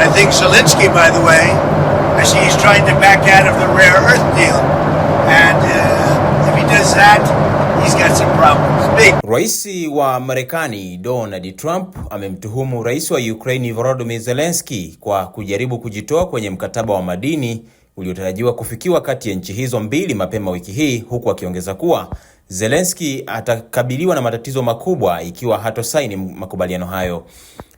I think Zelensky, by the way, I see he's trying to back out of the rare earth deal. And uh, if he does that, he's got some problems. Rais wa Marekani Donald Trump amemtuhumu Rais wa Ukraine Volodymyr Zelensky kwa kujaribu kujitoa kwenye mkataba wa madini uliotarajiwa kufikiwa kati ya nchi hizo mbili mapema wiki hii, huku akiongeza kuwa Zelensky atakabiliwa na matatizo makubwa ikiwa hatosaini makubaliano hayo.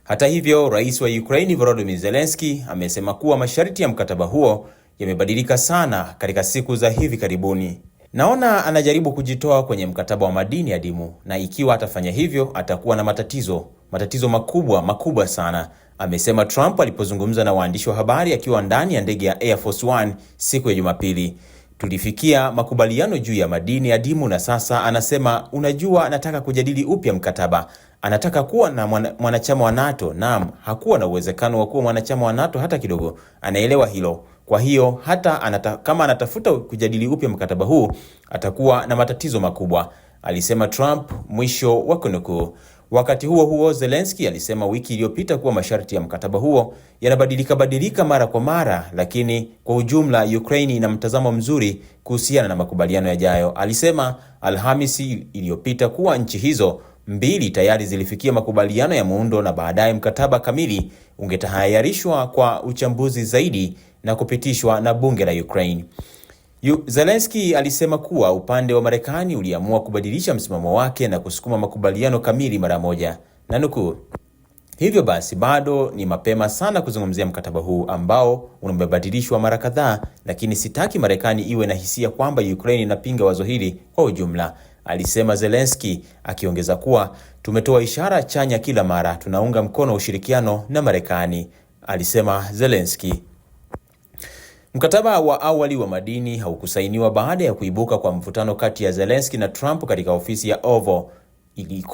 Hata hivyo, rais wa Ukraini Volodymyr Zelensky amesema kuwa masharti ya mkataba huo yamebadilika sana katika siku za hivi karibuni. Naona anajaribu kujitoa kwenye mkataba wa madini adimu, na ikiwa atafanya hivyo atakuwa na matatizo, matatizo makubwa makubwa sana, amesema Trump alipozungumza na waandishi wa habari akiwa ndani ya ndege ya Air Force One siku ya Jumapili tulifikia makubaliano juu ya madini adimu, na sasa anasema unajua, anataka kujadili upya mkataba. Anataka kuwa na mwanachama wa NATO. Naam, hakuwa na uwezekano wa kuwa mwanachama wa NATO hata kidogo, anaelewa hilo. Kwa hiyo hata anata, kama anatafuta kujadili upya mkataba huu atakuwa na matatizo makubwa, alisema Trump, mwisho wa kunukuu. Wakati huo huo, Zelensky alisema wiki iliyopita kuwa masharti ya mkataba huo yanabadilika badilika mara kwa mara, lakini kwa ujumla Ukraine ina mtazamo mzuri kuhusiana na makubaliano yajayo. Alisema Alhamisi iliyopita kuwa nchi hizo mbili tayari zilifikia makubaliano ya muundo na baadaye mkataba kamili ungetahayarishwa kwa uchambuzi zaidi na kupitishwa na bunge la Ukraine. Yu, Zelensky alisema kuwa upande wa Marekani uliamua kubadilisha msimamo wake na kusukuma makubaliano kamili mara moja, na nukuu, hivyo basi bado ni mapema sana kuzungumzia mkataba huu ambao umebadilishwa mara kadhaa, lakini sitaki Marekani iwe na hisia kwamba Ukraine inapinga wazo hili kwa ujumla, alisema Zelensky, akiongeza kuwa tumetoa ishara chanya kila mara, tunaunga mkono ushirikiano na Marekani, alisema Zelensky. Mkataba wa awali wa madini haukusainiwa baada ya kuibuka kwa mvutano kati ya Zelensky na Trump katika ofisi ya Oval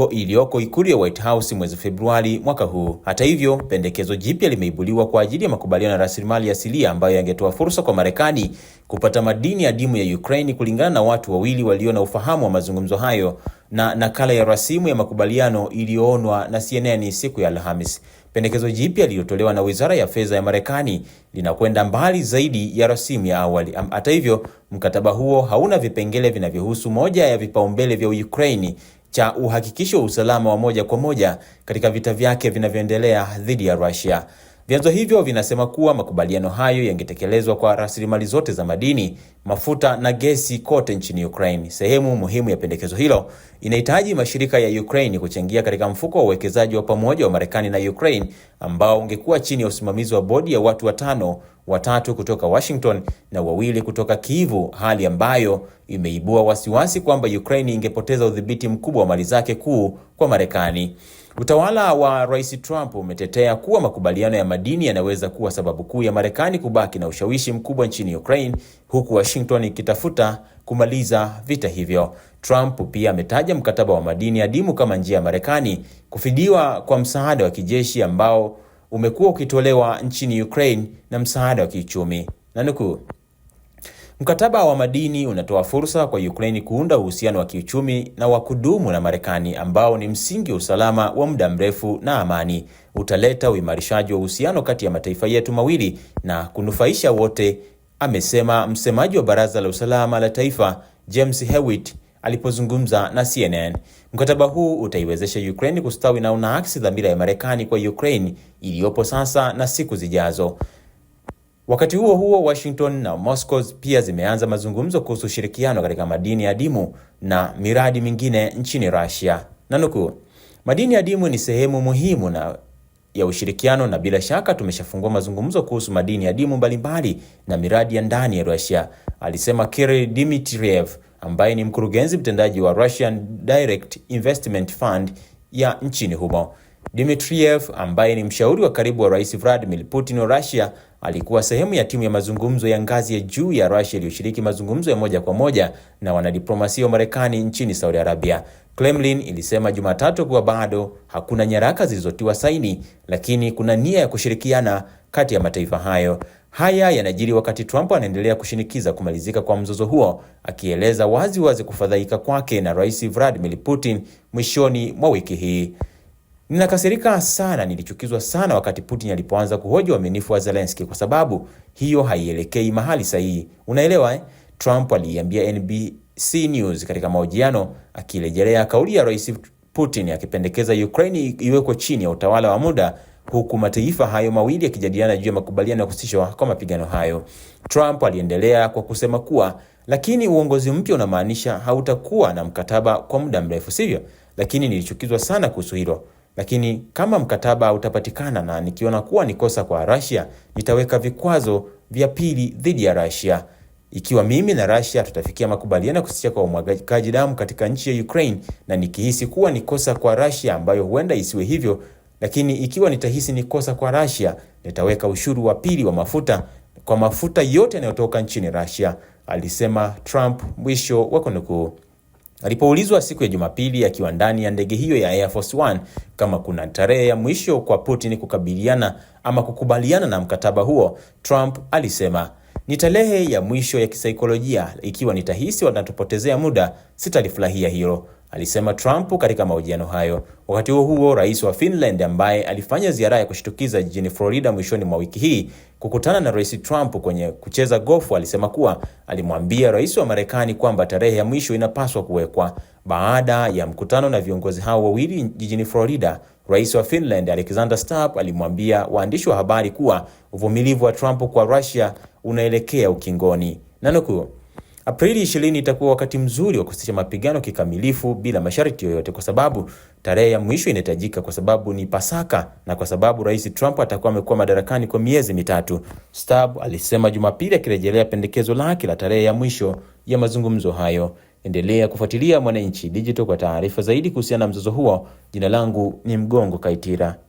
iliyoko ikulu ya White House mwezi Februari mwaka huu. Hata hivyo, pendekezo jipya limeibuliwa kwa ajili ya makubaliano ya rasilimali asilia ambayo yangetoa fursa kwa Marekani kupata madini adimu ya Ukraine, kulingana na watu wawili walio na ufahamu wa mazungumzo hayo na nakala ya rasimu ya makubaliano iliyoonwa na CNN siku ya Alhamis. Pendekezo jipya lililotolewa na Wizara ya Fedha ya Marekani linakwenda mbali zaidi ya rasimu ya awali. Hata hivyo, mkataba huo hauna vipengele vinavyohusu moja ya vipaumbele vya Ukraine cha uhakikisho wa usalama wa moja kwa moja katika vita vyake vinavyoendelea dhidi ya Russia. Vyanzo hivyo vinasema kuwa makubaliano hayo yangetekelezwa kwa rasilimali zote za madini, mafuta na gesi kote nchini Ukraine. Sehemu muhimu ya pendekezo hilo inahitaji mashirika ya Ukraine kuchangia katika mfuko wa uwekezaji wa pamoja wa Marekani na Ukraine ambao ungekuwa chini ya usimamizi wa bodi ya watu watano, watatu kutoka Washington na wawili kutoka Kyiv, hali ambayo imeibua wasiwasi kwamba Ukraine ingepoteza udhibiti mkubwa wa mali zake kuu kwa Marekani. Utawala wa Rais Trump umetetea kuwa makubaliano ya madini yanaweza kuwa sababu kuu ya Marekani kubaki na ushawishi mkubwa nchini Ukraine, huku Washington ikitafuta kumaliza vita hivyo. Trump pia ametaja mkataba wa madini adimu kama njia ya Marekani kufidiwa kwa msaada wa kijeshi ambao umekuwa ukitolewa nchini Ukraine na msaada wa kiuchumi. Nanukuu, Mkataba wa madini unatoa fursa kwa Ukraine kuunda uhusiano wa kiuchumi na wa kudumu na Marekani ambao ni msingi wa usalama wa muda mrefu na amani. Utaleta uimarishaji wa uhusiano kati ya mataifa yetu mawili na kunufaisha wote, amesema msemaji wa Baraza la Usalama la Taifa, James Hewitt alipozungumza na CNN. Mkataba huu utaiwezesha Ukraine kustawi na unaakisi dhamira ya Marekani kwa Ukraine iliyopo sasa na siku zijazo. Wakati huo huo, Washington na Moscow pia zimeanza mazungumzo kuhusu ushirikiano katika madini adimu na miradi mingine nchini Russia. Nanuku, madini adimu ni sehemu muhimu na ya ushirikiano na bila shaka tumeshafungua mazungumzo kuhusu madini adimu mbalimbali na miradi ya ndani ya Russia, alisema Kirill Dmitriev ambaye ni mkurugenzi mtendaji wa Russian Direct Investment Fund ya nchini humo. Dmitriev ambaye ni mshauri wa karibu wa Rais Vladimir Putin wa Russia alikuwa sehemu ya timu ya mazungumzo ya ngazi ya juu ya Russia iliyoshiriki mazungumzo ya moja kwa moja na wanadiplomasia wa Marekani nchini Saudi Arabia. Kremlin ilisema Jumatatu kuwa bado hakuna nyaraka zilizotiwa saini, lakini kuna nia ya kushirikiana kati ya mataifa hayo. Haya yanajiri wakati Trump anaendelea kushinikiza kumalizika kwa mzozo huo, akieleza wazi wazi kufadhaika kwake na Rais Vladimir Putin mwishoni mwa wiki hii. Ninakasirika sana, nilichukizwa sana wakati Putin alipoanza kuhoji uaminifu wa Zelensky kwa sababu hiyo haielekei mahali sahihi. Unaelewa eh? Trump aliiambia NBC News katika mahojiano akirejelea kauli ya Rais Putin akipendekeza Ukraine iwekwe chini ya utawala wa muda huku mataifa hayo mawili yakijadiliana juu ya makubaliano ya kusitishwa kwa mapigano hayo. Trump aliendelea kwa kusema kuwa lakini uongozi mpya unamaanisha hautakuwa na mkataba kwa muda mrefu, sivyo? Lakini nilichukizwa sana kuhusu hilo. Lakini kama mkataba utapatikana na nikiona kuwa ni kosa kwa Russia, nitaweka vikwazo vya pili dhidi ya Russia. Ikiwa mimi na Russia tutafikia makubaliano ya kusitisha kwa umwagaji damu katika nchi ya Ukraine na nikihisi kuwa ni kosa kwa Russia ambayo huenda isiwe hivyo, lakini ikiwa nitahisi ni kosa kwa Russia, nitaweka ushuru wa pili wa mafuta kwa mafuta yote yanayotoka nchini Russia, alisema Trump, mwisho wa kunukuu. Alipoulizwa siku ya Jumapili akiwa ndani ya ndege hiyo ya Air Force One kama kuna tarehe ya mwisho kwa Putin kukabiliana ama kukubaliana na mkataba huo, Trump alisema ni tarehe ya mwisho ya kisaikolojia. Ikiwa nitahisi wanatupotezea muda, sitalifurahia hilo alisema Trump katika mahojiano hayo. Wakati huo huo, rais wa Finland ambaye alifanya ziara ya kushtukiza jijini Florida mwishoni mwa wiki hii kukutana na rais Trump kwenye kucheza gofu alisema kuwa alimwambia rais wa Marekani kwamba tarehe ya mwisho inapaswa kuwekwa. Baada ya mkutano na viongozi hao wawili jijini Florida, rais wa Finland Alexander Stubb alimwambia waandishi wa habari kuwa uvumilivu wa Trump kwa Russia unaelekea ukingoni. nanukuu Aprili 20 itakuwa wakati mzuri wa kusitisha mapigano kikamilifu bila masharti yoyote, kwa sababu tarehe ya mwisho inahitajika, kwa sababu ni Pasaka na kwa sababu Rais Trump atakuwa amekuwa madarakani kwa miezi mitatu, Stab alisema Jumapili, akirejelea pendekezo lake la tarehe ya mwisho ya mazungumzo hayo. Endelea kufuatilia Mwananchi Digital kwa taarifa zaidi kuhusiana na mzozo huo. Jina langu ni Mgongo Kaitira.